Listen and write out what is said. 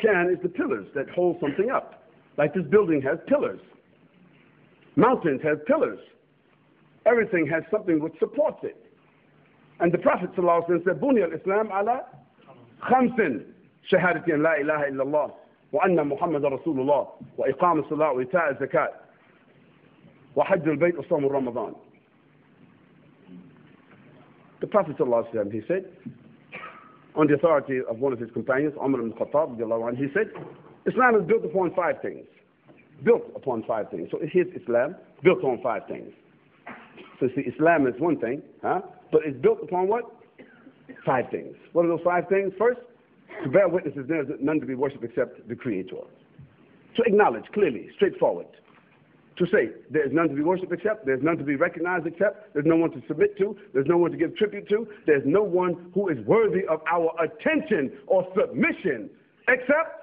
Can is the pillars that hold something up. Like this building has pillars. Mountains have pillars. Everything has something which supports it. And the Prophet said, Buni al-Islam ala khamsin shahadati an la ilaha illallah wa anna Muhammad Rasulullah wa iqam al-salat wa ita' al-zakat wa hajj al-bayt wa ramadan. The Prophet ﷺ, he said, on the authority of one of his companions, Umar ibn Khattab, he said, Islam is built upon five things. Built upon five things. So here's Islam, built on five things. So see, Islam is one thing, huh? but it's built upon what? Five things. What are those five things? First, to bear witness is there is none to be worshipped except the Creator. To acknowledge clearly, straightforward to say there is none to be worshipped except, there's none to be recognized except, there's no one to submit to, there's no one to give tribute to, there's no one who is worthy of our attention or submission except